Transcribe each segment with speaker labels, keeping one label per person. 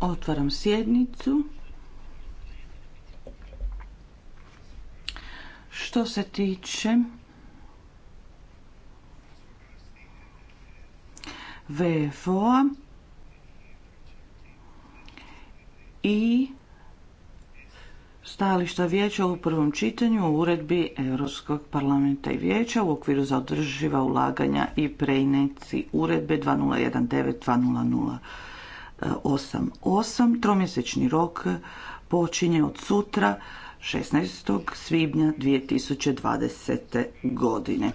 Speaker 1: Otvaram sjednicu. Što se tiče VFO-a i stajališta vijeća u prvom čitanju o uredbi Europskog parlamenta i vijeća u okviru za održiva ulaganja i preineci uredbe 2019 2000 Tromjesečni rok počinje od sutra 16. svibnja 2020. godine.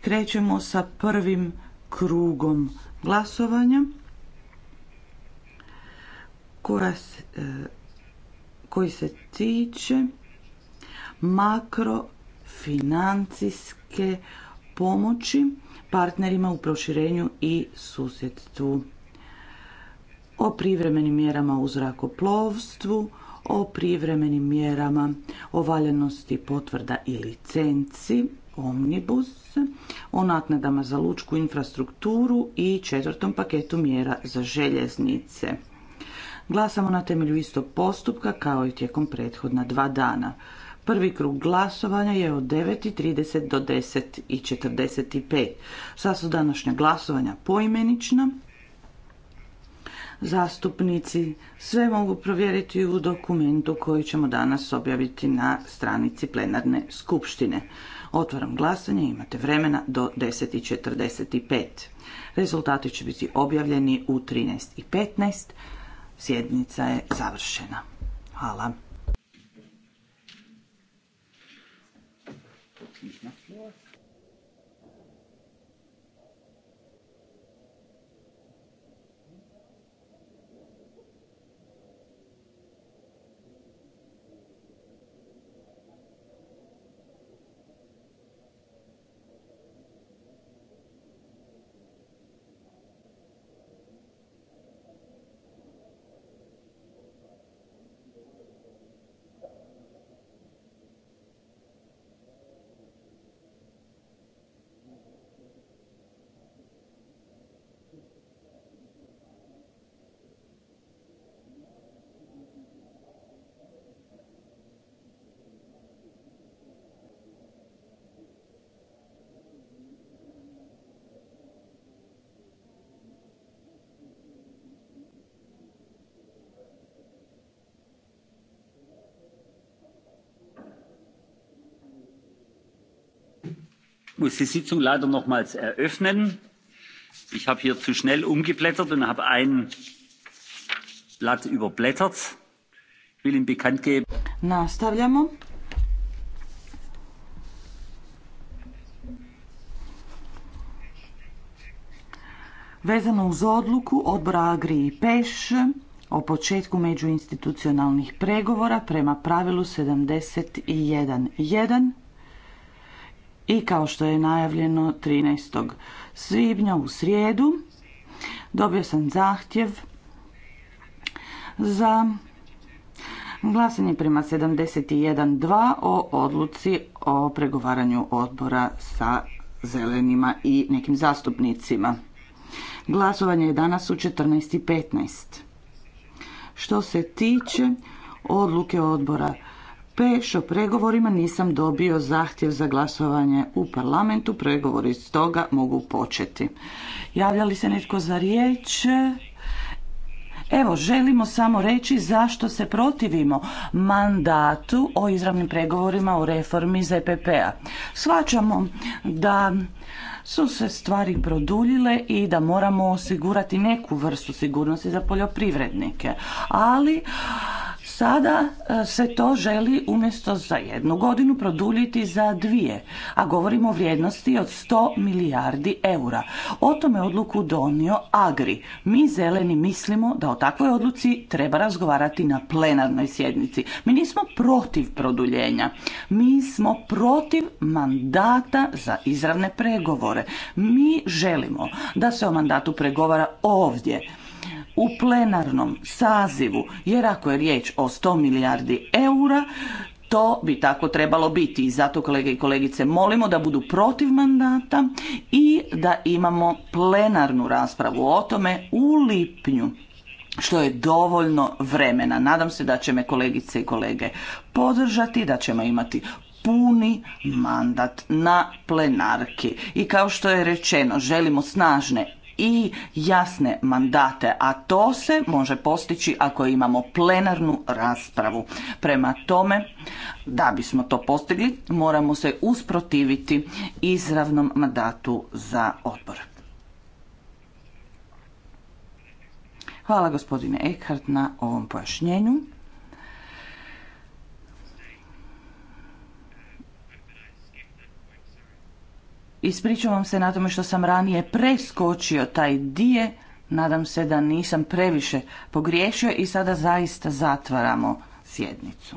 Speaker 1: Krećemo sa prvim krugom glasovanja koja se, koji se tiče makrofinancijske pomoći partnerima u proširenju i susjedstvu, o privremenim mjerama u zrakoplovstvu, o privremenim mjerama o valjanosti potvrda i licenci, omnibus, o naknadama za lučku infrastrukturu i četvrtom paketu mjera za željeznice. Glasamo na temelju istog postupka kao i tijekom prethodna dva dana. Prvi krug glasovanja je od 9.30 do 10.45. Sada su današnja glasovanja poimenična. Zastupnici sve mogu provjeriti u dokumentu koji ćemo danas objaviti na stranici plenarne skupštine. Otvaram glasanje, imate vremena do 10.45. Rezultati će biti objavljeni u 13.15 Sjednica je završena. Hvala.
Speaker 2: muss die sitzung leider nochmals eröffnen. ich habe hier zu schnell umgeblättert und habe ein blatt überblättert. ich will ihnen bekannt geben
Speaker 1: Nastavljamo. Vezano uz odluku odbora Agri i Peš o početku međuinstitucionalnih pregovora prema pravilu 71.1 i kao što je najavljeno 13. svibnja u srijedu dobio sam zahtjev za glasanje prema 71.2 o odluci o pregovaranju odbora sa zelenima i nekim zastupnicima. Glasovanje je danas u 14.15. Što se tiče odluke odbora što pregovorima nisam dobio zahtjev za glasovanje u parlamentu, pregovori stoga mogu početi. Javlja li se netko za riječ? Evo, želimo samo reći zašto se protivimo mandatu o izravnim pregovorima o reformi ZPP-a. E Svačamo da su se stvari produljile i da moramo osigurati neku vrstu sigurnosti za poljoprivrednike. Ali Sada e, se to želi umjesto za jednu godinu produljiti za dvije, a govorimo o vrijednosti od 100 milijardi eura. O tome odluku donio Agri. Mi zeleni mislimo da o takvoj odluci treba razgovarati na plenarnoj sjednici. Mi nismo protiv produljenja. Mi smo protiv mandata za izravne pregovore. Mi želimo da se o mandatu pregovara ovdje u plenarnom sazivu, jer ako je riječ o 100 milijardi eura, to bi tako trebalo biti i zato kolege i kolegice molimo da budu protiv mandata i da imamo plenarnu raspravu o tome u lipnju što je dovoljno vremena. Nadam se da će me kolegice i kolege podržati, da ćemo imati puni mandat na plenarki. I kao što je rečeno, želimo snažne i jasne mandate, a to se može postići ako imamo plenarnu raspravu. Prema tome, da bismo to postigli, moramo se usprotiviti izravnom mandatu za odbor. Hvala gospodine Eckhart na ovom pojašnjenju. Ispričavam se na tome što sam ranije preskočio taj dije. Nadam se da nisam previše pogriješio i sada zaista zatvaramo sjednicu.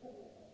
Speaker 3: puno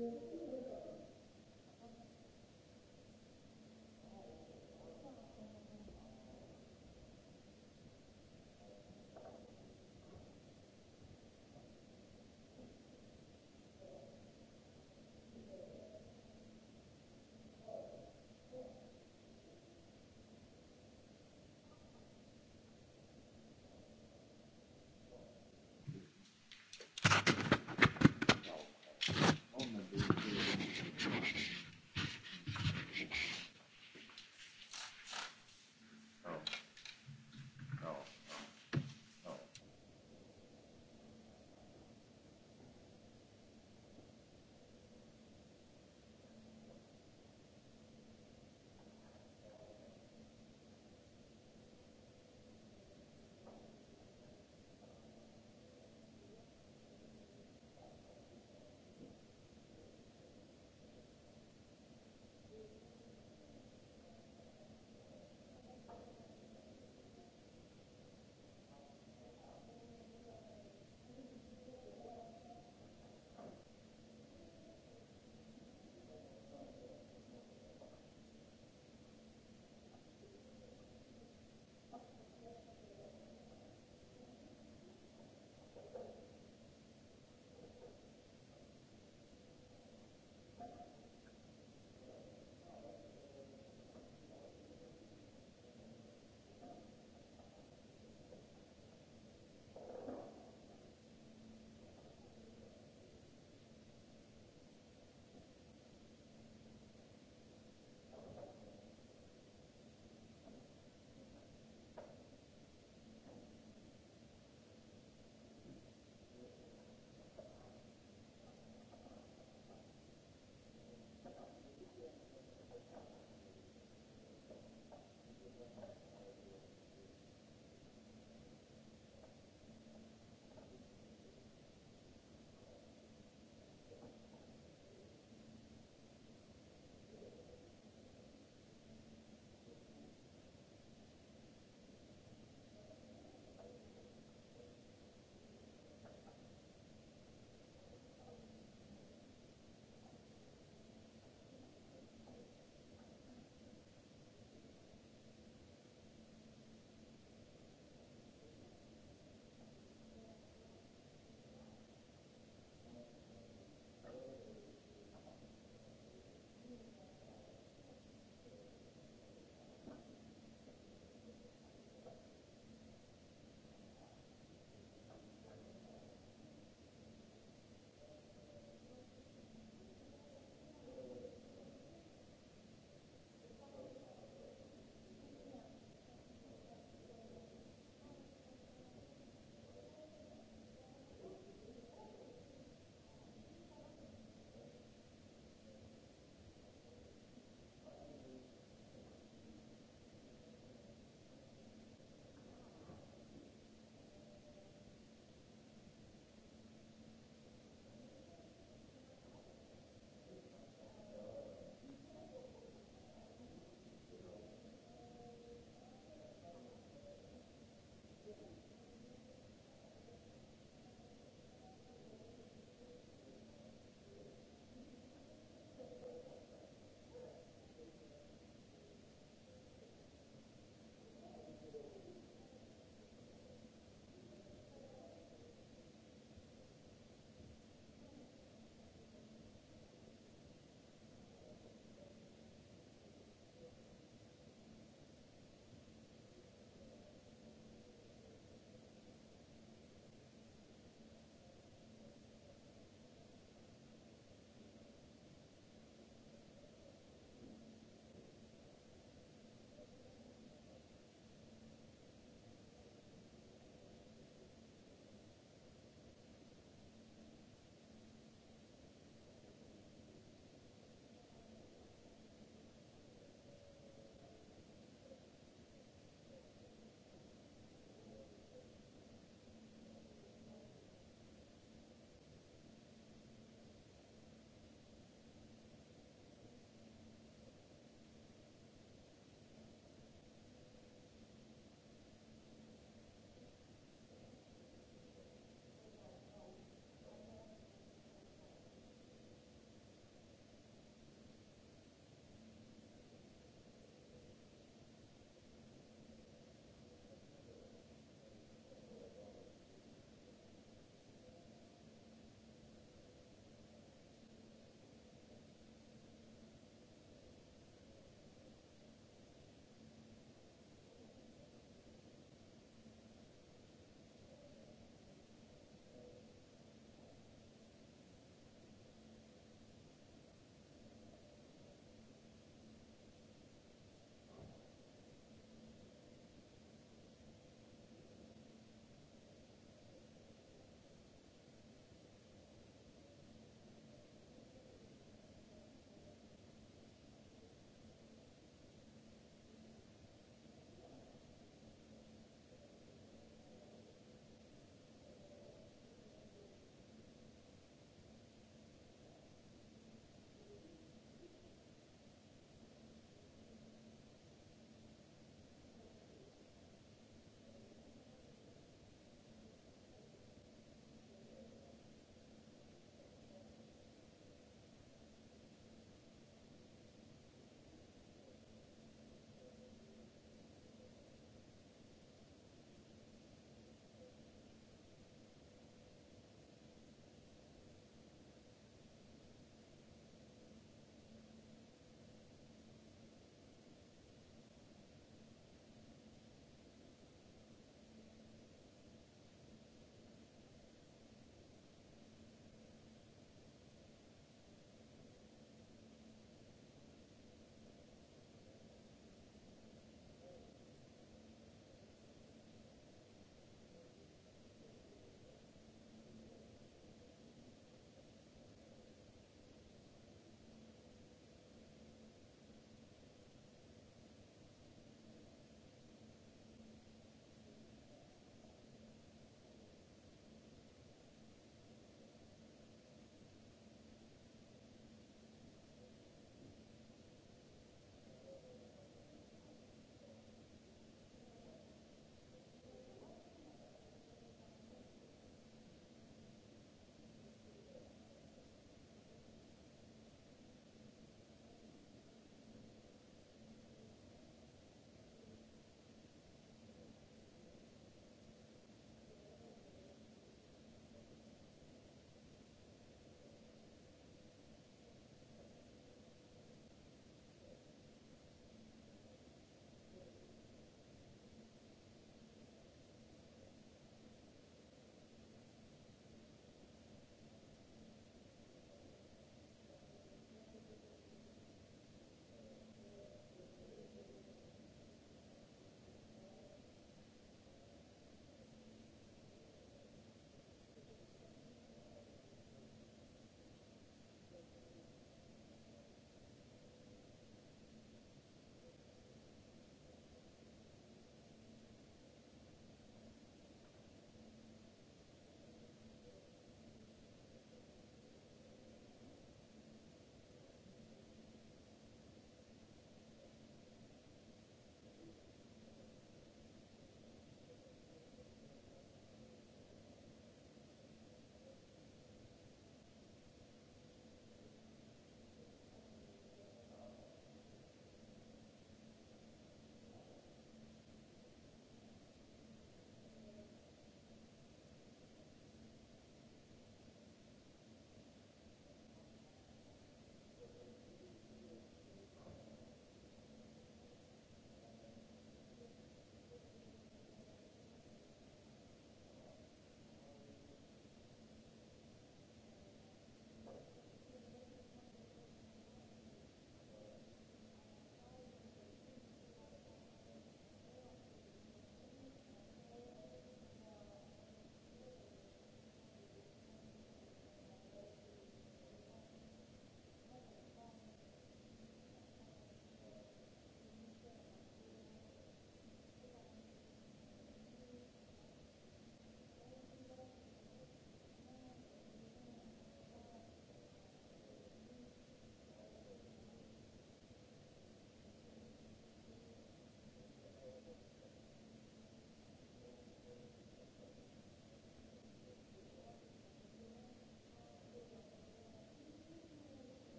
Speaker 3: Hvala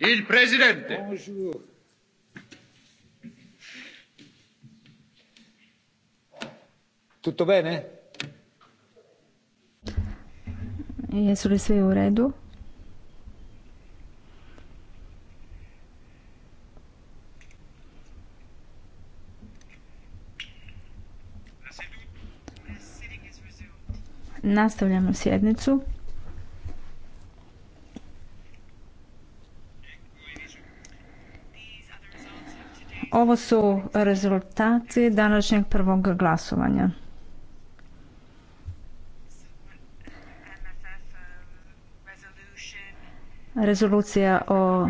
Speaker 4: Il presidente. Bonjour. Tutto bene?
Speaker 5: Jesu li sve u redu? Nastavljamo sjednicu. Ovo su rezultati današnjeg prvog glasovanja. Rezolucija o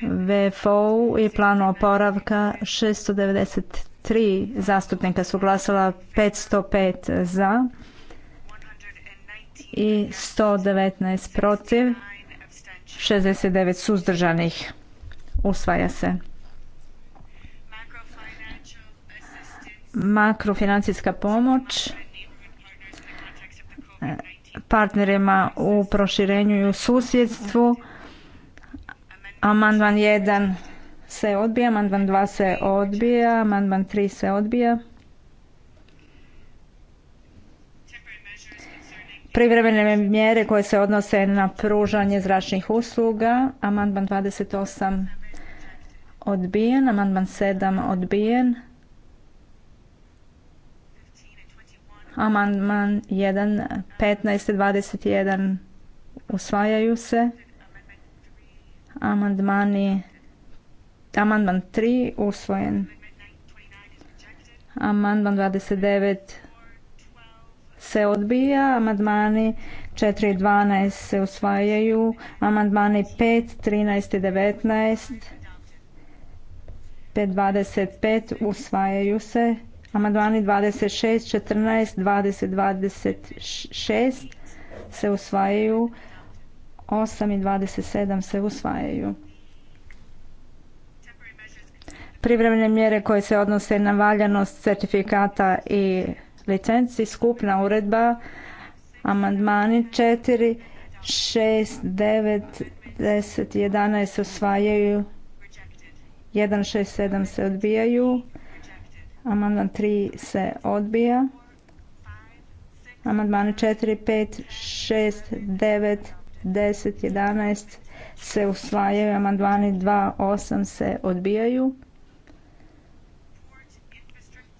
Speaker 5: VFO i planu oporavka 693 zastupnika su glasala 505 za i 119 protiv, 69 suzdržanih. Usvaja se. makrofinancijska pomoć e, partnerima u proširenju i u susjedstvu. Amandman 1 se odbija, amandman 2 se odbija, amandman 3 se odbija. Privremene mjere koje se odnose na pružanje zračnih usluga, amandman 28 odbijen, amandman 7 odbijen, Amandman 1, 15 21 usvajaju se. Amandmani Amandman 3 usvojen. Amandman 29 se odbija. Amandmani 4 i 12 se usvajaju. Amandmani 5, 13 i 19 25 usvajaju se. Amandmani 26, 14, 20, 26 se usvajaju, 8 i 27 se usvajaju. Privremene mjere koje se odnose na valjanost certifikata i licenci, skupna uredba, amandmani 4, 6, 9, 10, 11 se usvajaju, 1, 6, 7 se odbijaju, Amandman 3 se odbija. Amandmane 4, 5, 6, 9, 10, 11 se usvajaju. Amandmani 2, 8 se odbijaju.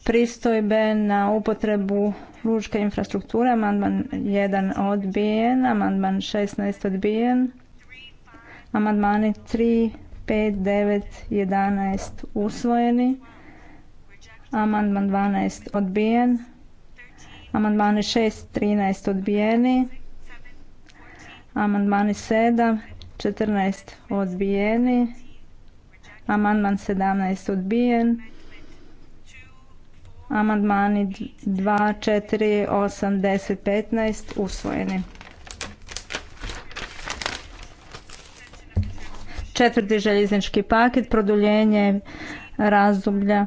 Speaker 5: Pristojbe na upotrebu lučke infrastrukture. Amandman 1 odbijen. Amandman 16 odbijen. Amandmani 3, 5, 9, 11 usvojeni. Amandman 12 odbijen. Amandmani 6, 13 odbijeni. Amandmani 7, 14 odbijeni. Amandman 17 odbijen. Amandmani 2, 4, 8, 10, 15 usvojeni. Četvrti željeznički paket, produljenje razdoblja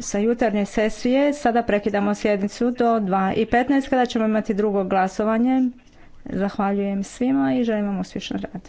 Speaker 5: sa jutarnje sesije. Sada prekidamo sjednicu do 2.15 kada ćemo imati drugo glasovanje. Zahvaljujem svima i želim vam uspješan rad.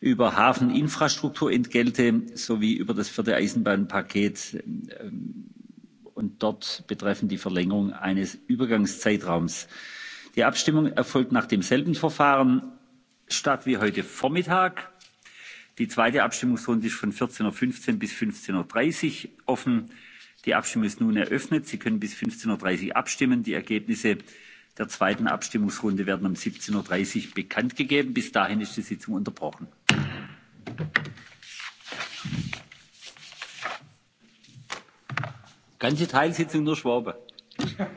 Speaker 2: über hafeninfrastrukturentgelte sowie über das vierte eisenbahnpaket ähm, und dort betreffend die verlängerung eines übergangszeitraums. die abstimmung erfolgt nach demselben verfahren statt wie heute vormittag. die zweite abstimmungsrunde ist von. vierzehn fünfzehn bis. fünfzehn dreißig uhr offen. die abstimmung ist nun eröffnet. sie können bis. fünfzehn dreißig uhr abstimmen. die ergebnisse der zweiten abstimmungsrunde werden um. siebzehn dreißig uhr bekanntgegeben. bis dahin ist die sitzung unterbrochen ganze teilsitzung nur schwabe.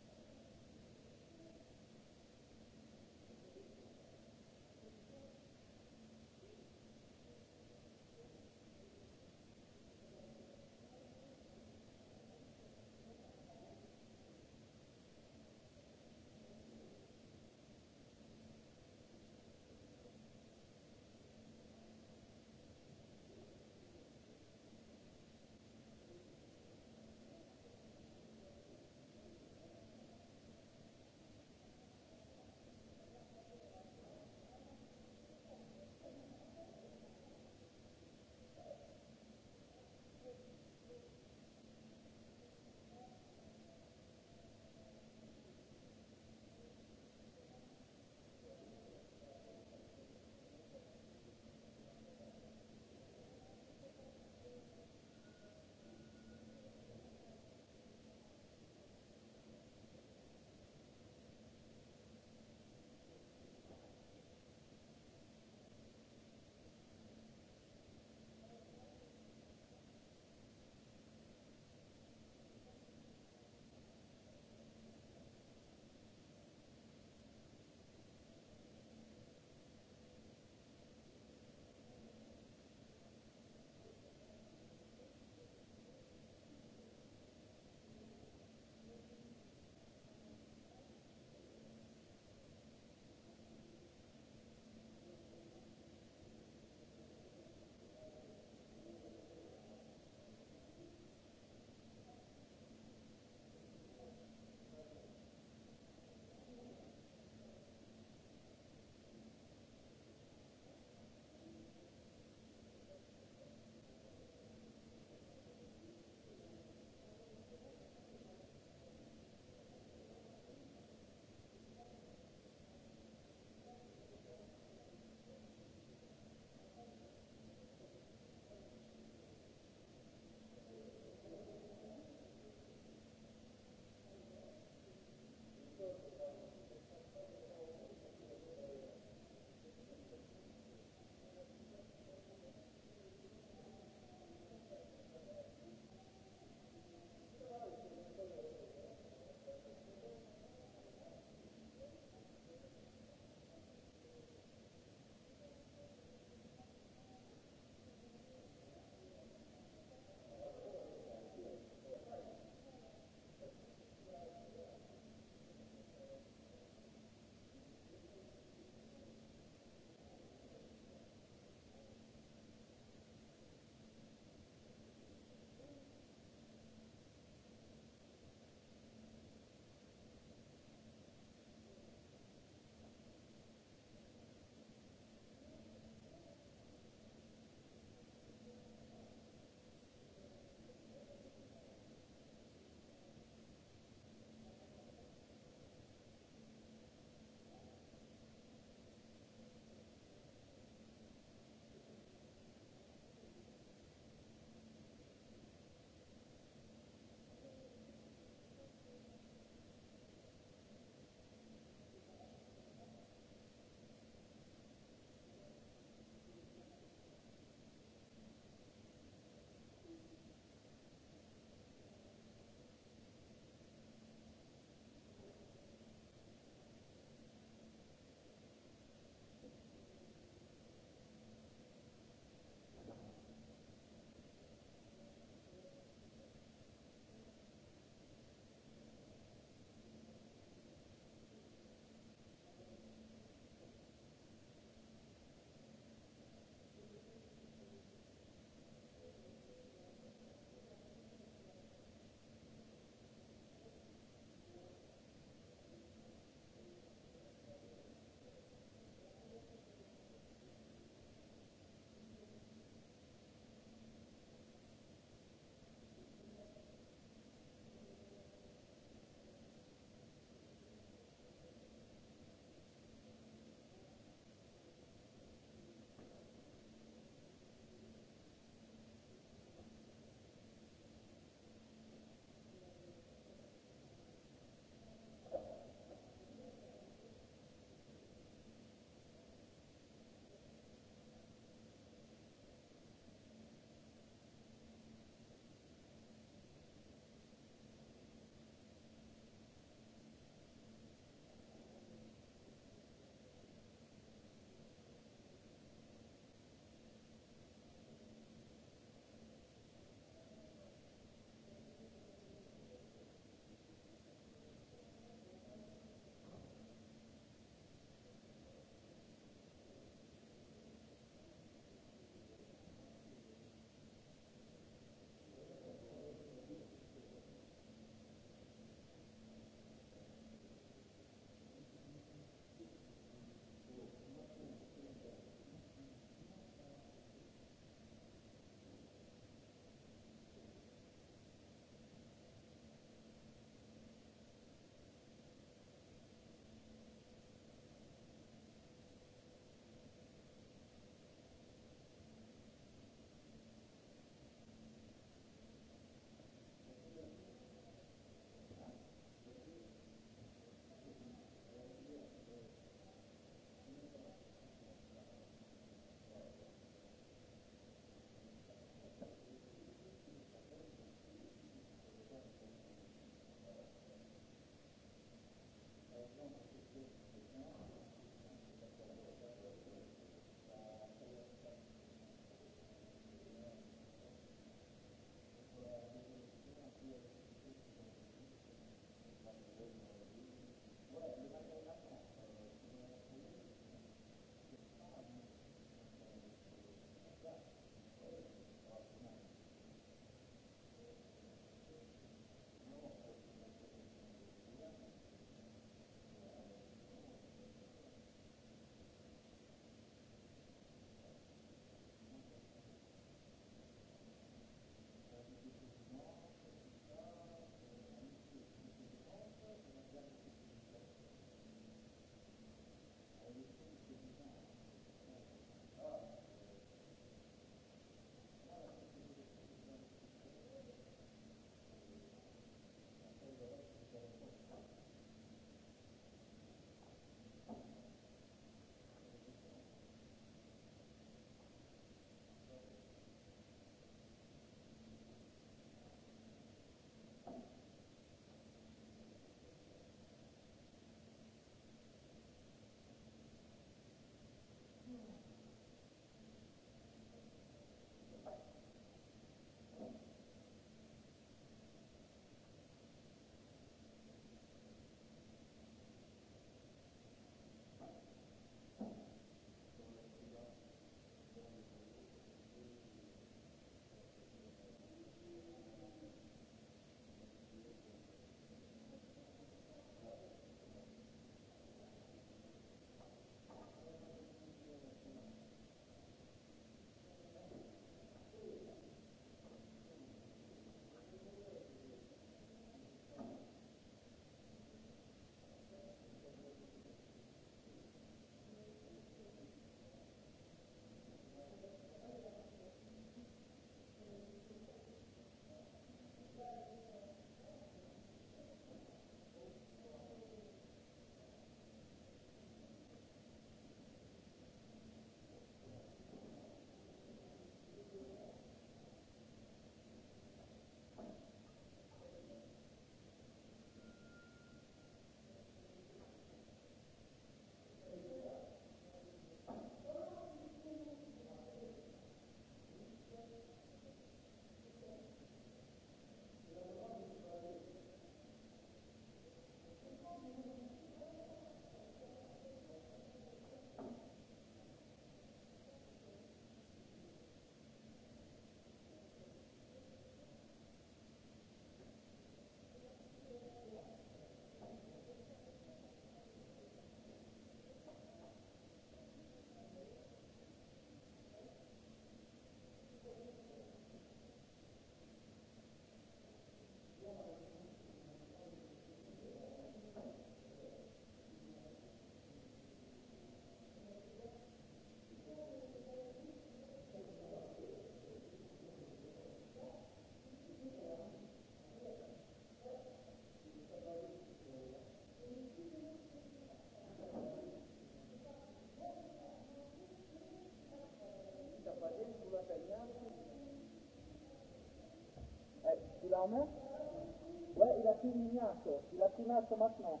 Speaker 3: abțineri se maintenant.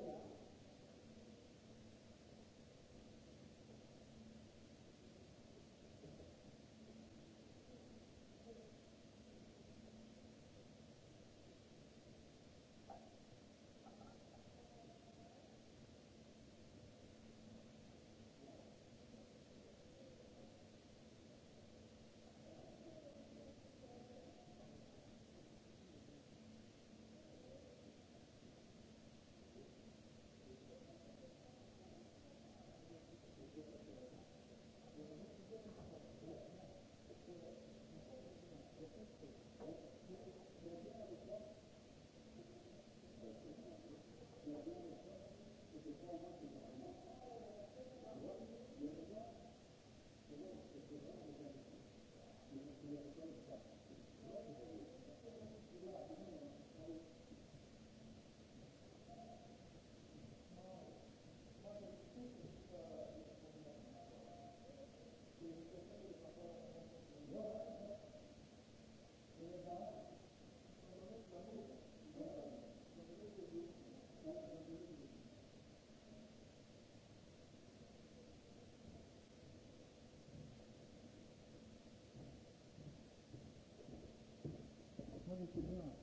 Speaker 3: C'est da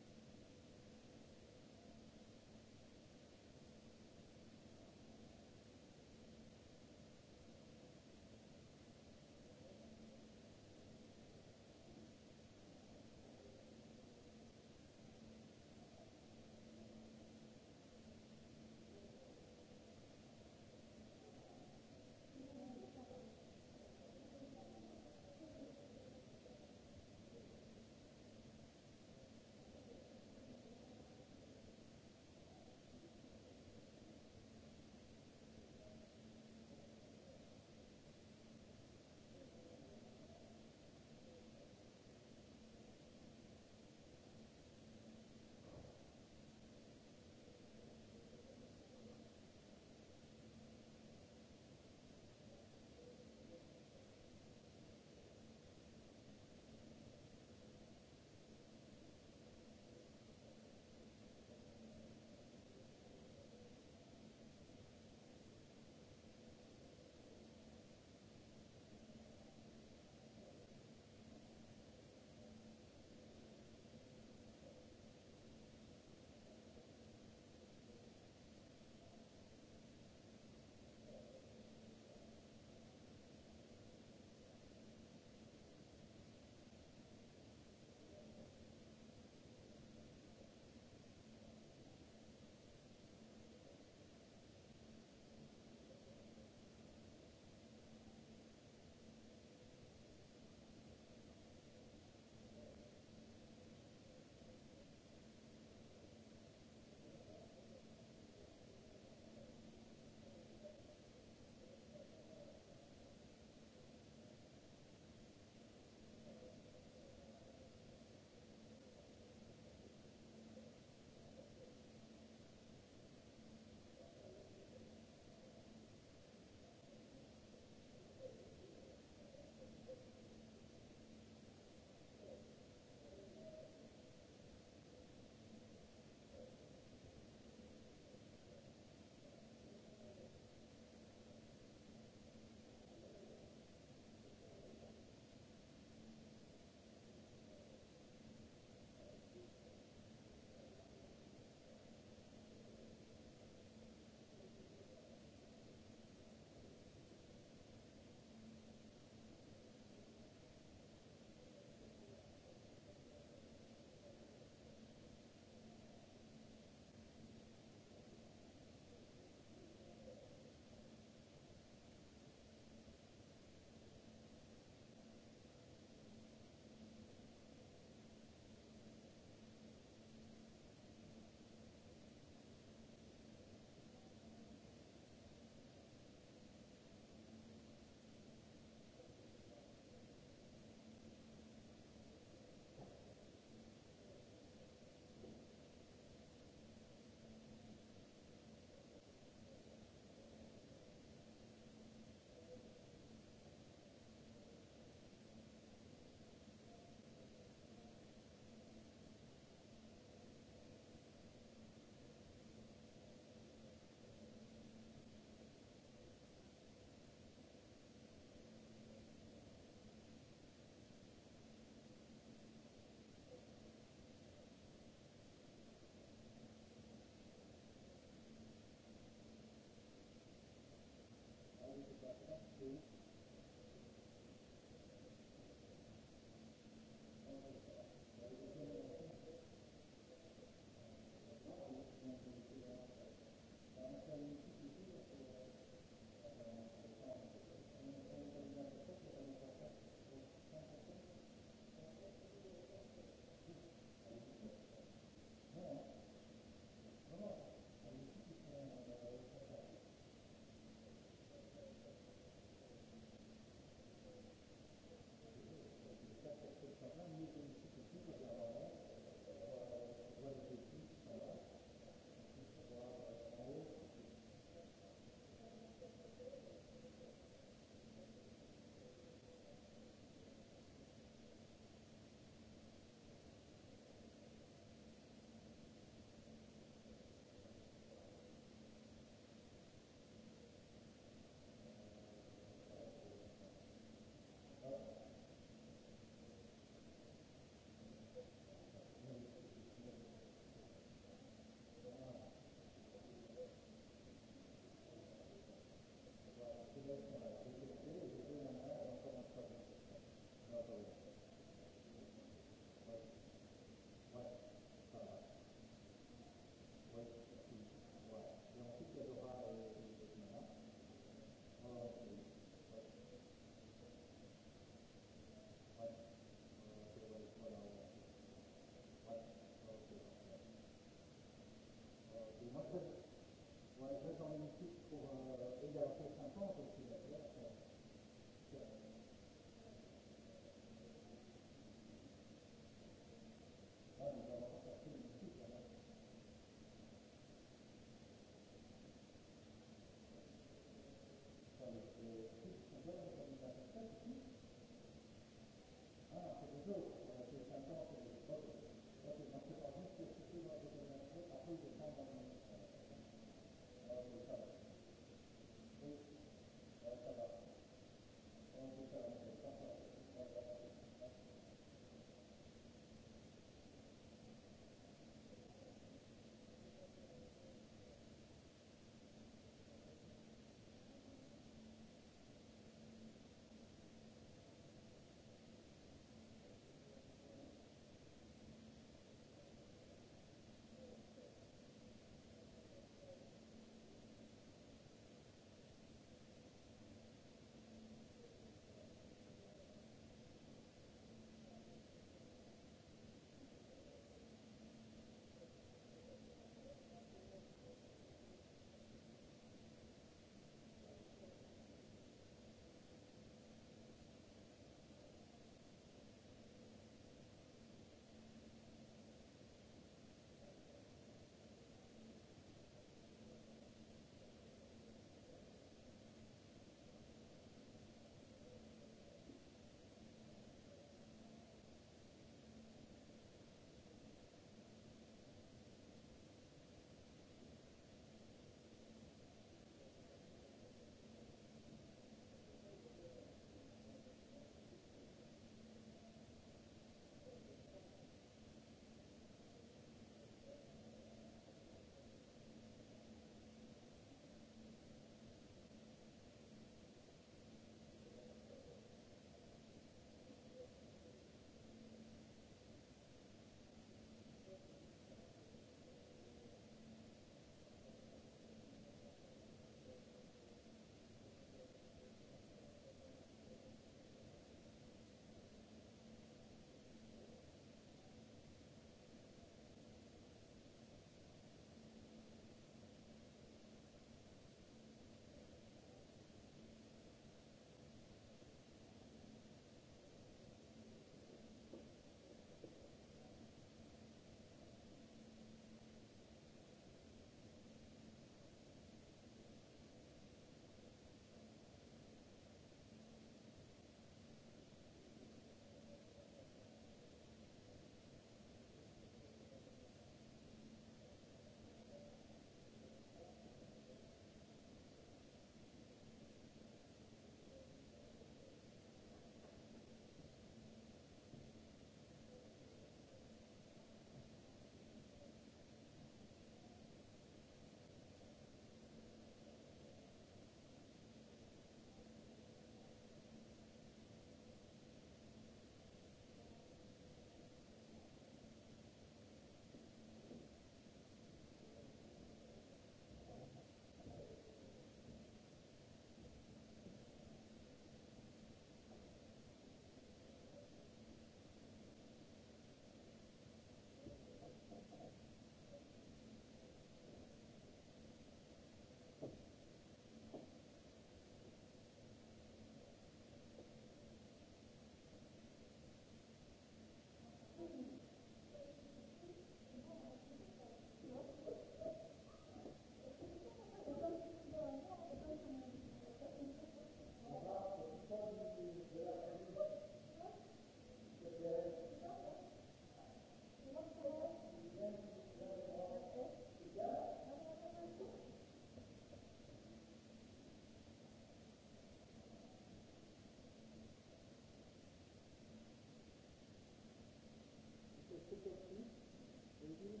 Speaker 3: We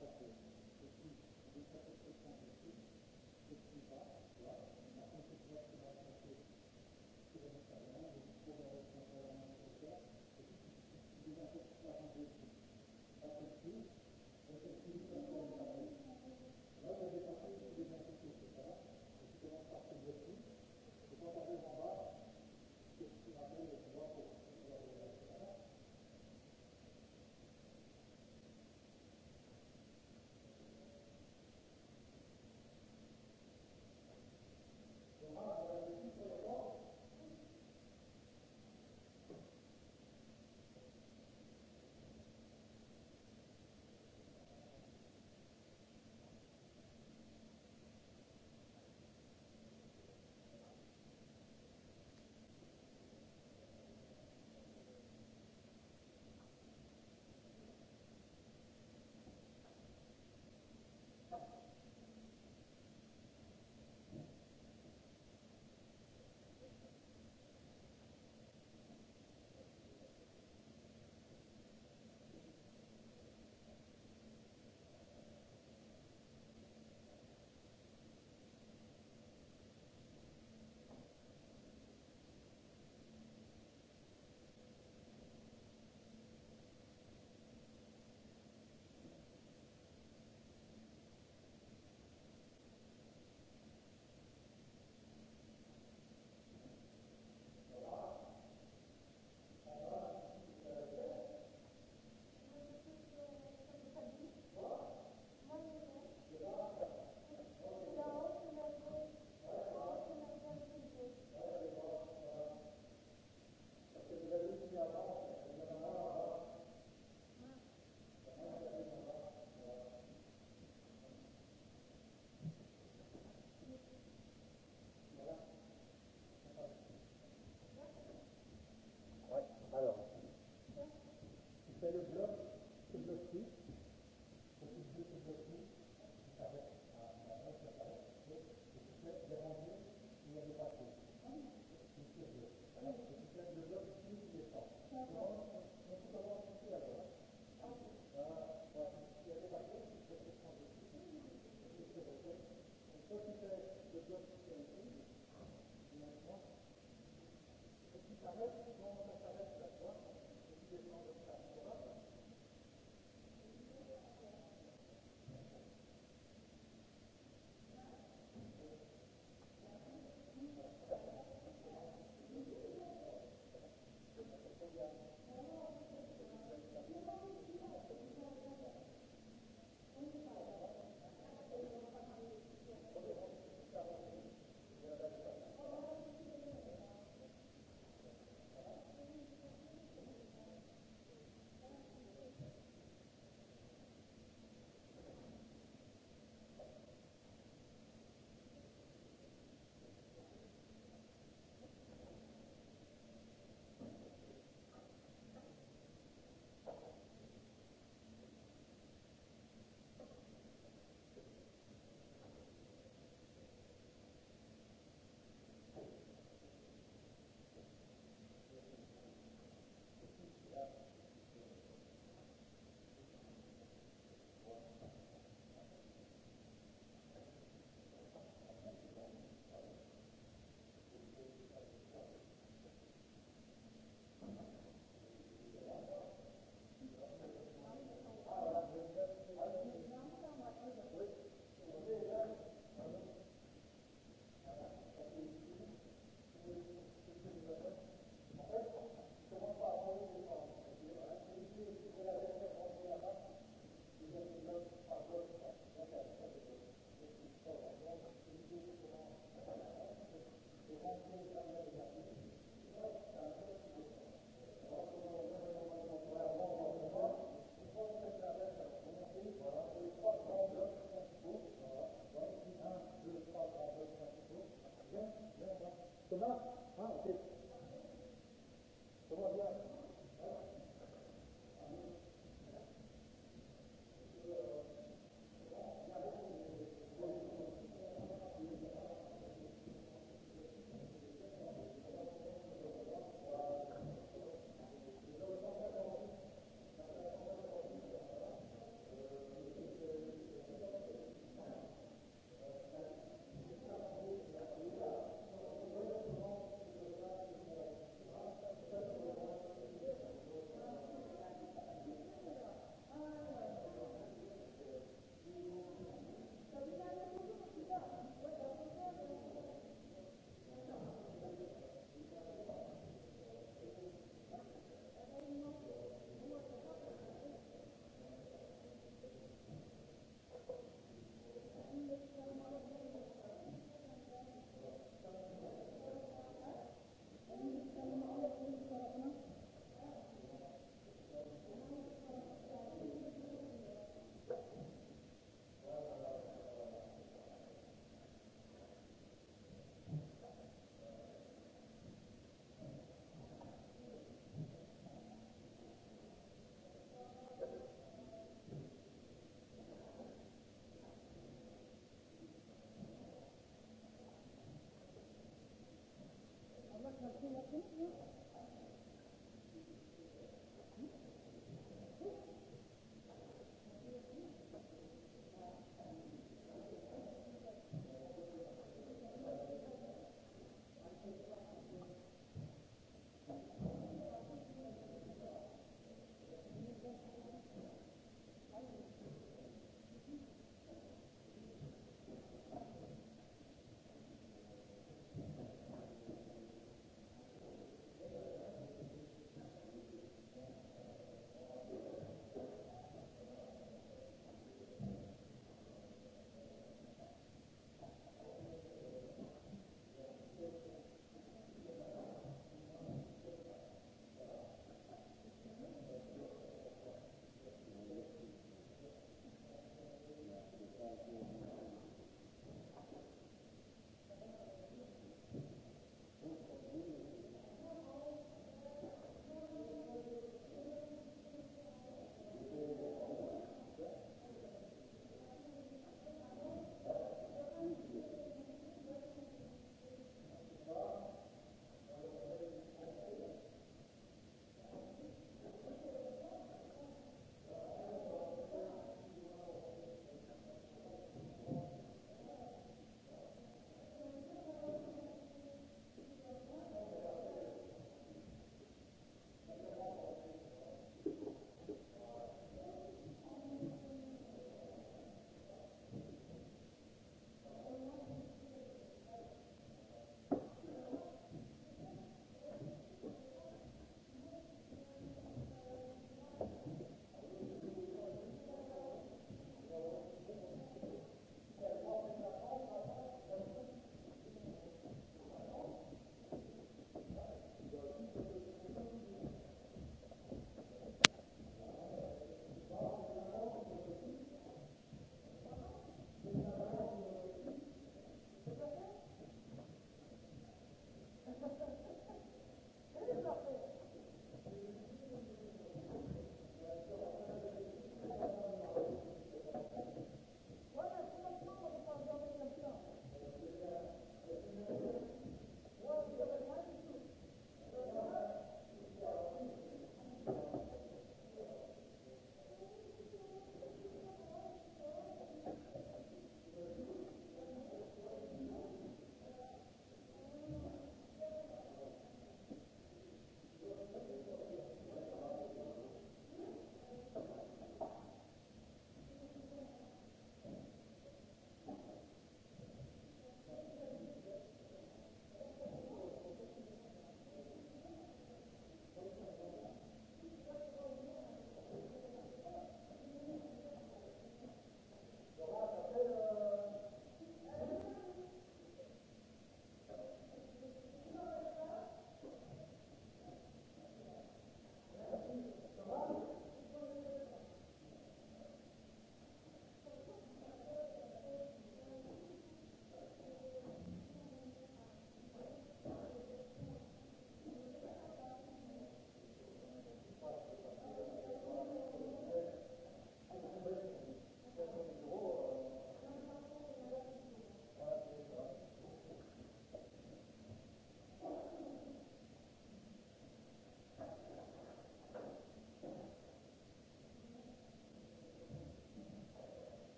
Speaker 3: have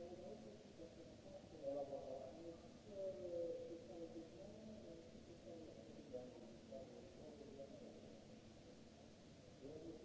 Speaker 3: Well wow,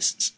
Speaker 3: scientists.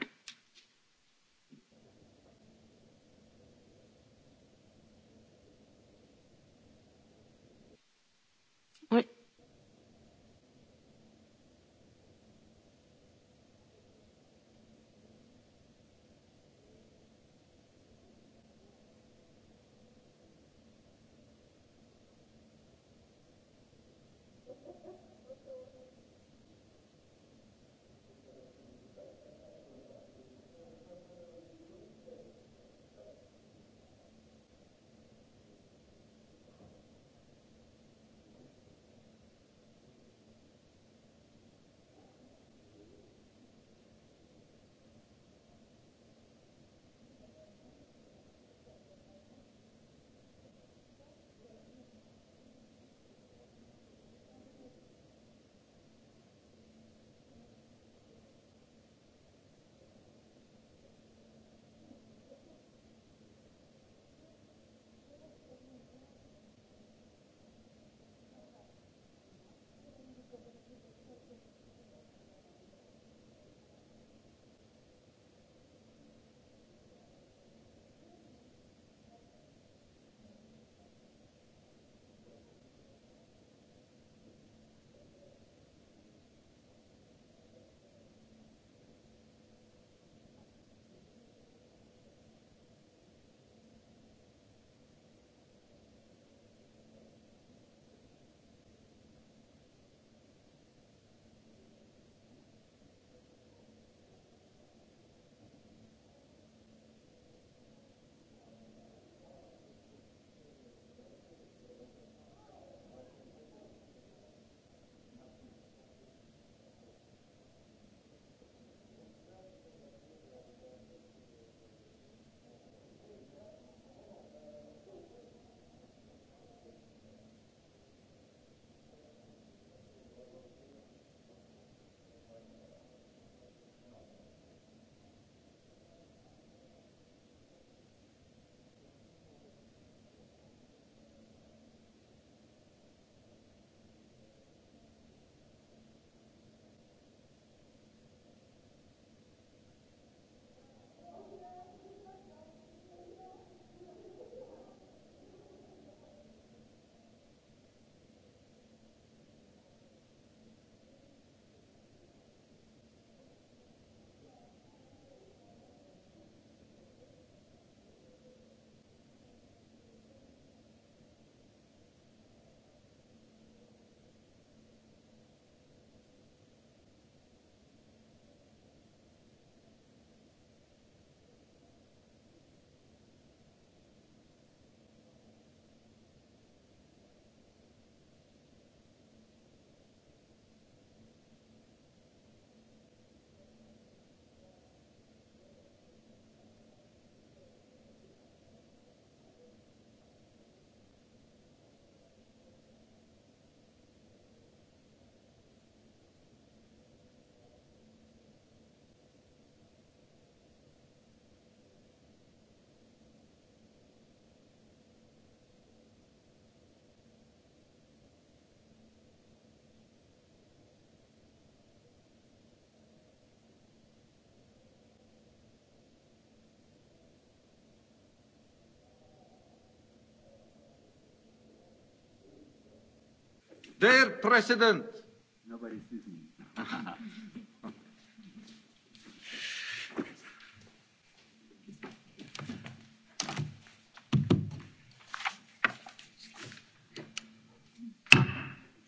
Speaker 5: Dear President. sees me.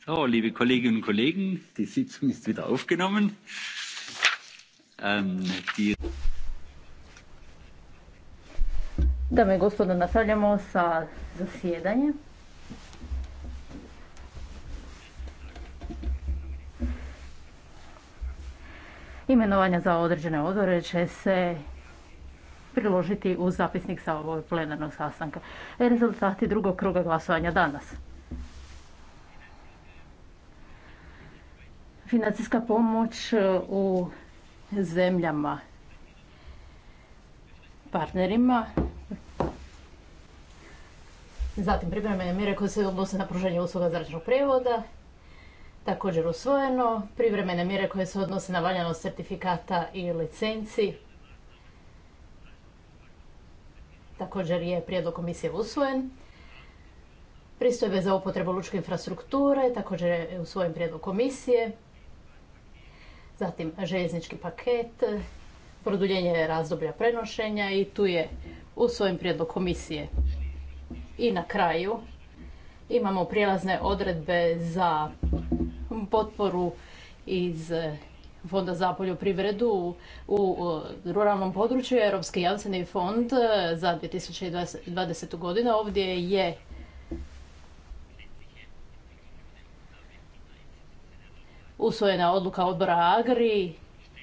Speaker 2: So, liebe Kolleginnen und Kollegen, die Sitzung ist wieder aufgenommen. Ähm, die
Speaker 6: Dame i gospodo, nastavljamo sa zasjedanjem. imenovanja za određene odbore će se priložiti u zapisnik sa ovog plenarnog sastanka. E, rezultati drugog kruga glasovanja danas. Financijska pomoć e, u zemljama partnerima. Zatim pripremljene mjere koje se odnose na pružanje usluga zračnog prijevoda, također usvojeno. Privremene mjere koje se odnose na valjanost certifikata i licenci. Također je prijedlog komisije usvojen. Pristojbe za upotrebu lučke infrastrukture, također je usvojen prijedlog komisije. Zatim željeznički paket, produljenje razdoblja prenošenja i tu je usvojen prijedlog komisije. I na kraju imamo prijelazne odredbe za potporu iz eh, Fonda za poljoprivredu u ruralnom području, Europski javceni fond eh, za 2020. godinu. Ovdje je usvojena odluka odbora Agri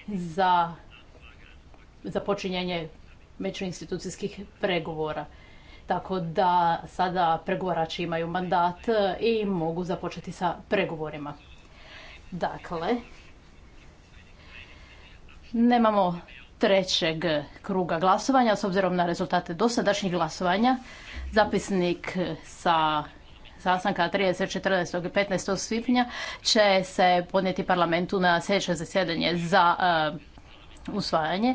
Speaker 6: za započinjanje međuinstitucijskih pregovora. Tako da sada pregovarači imaju mandat eh, i mogu započeti sa pregovorima. Dakle, nemamo trećeg kruga glasovanja s obzirom na rezultate dosadašnjih glasovanja. Zapisnik sa sastanka 30. 14. i 15. svibnja će se podnijeti parlamentu na sljedeće zasjedanje za e, usvajanje.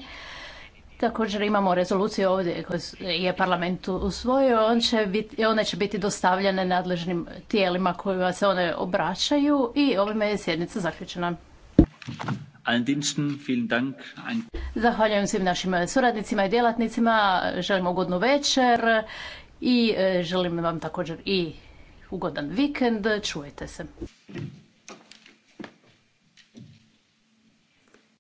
Speaker 6: Također imamo rezoluciju ovdje koju je parlament usvojio. On će biti, one će biti dostavljene nadležnim tijelima kojima se one obraćaju i ovime je sjednica zaključena. Zahvaljujem svim našim suradnicima i djelatnicima. Želim ugodnu večer i e, želim vam također i ugodan vikend. Čujte se.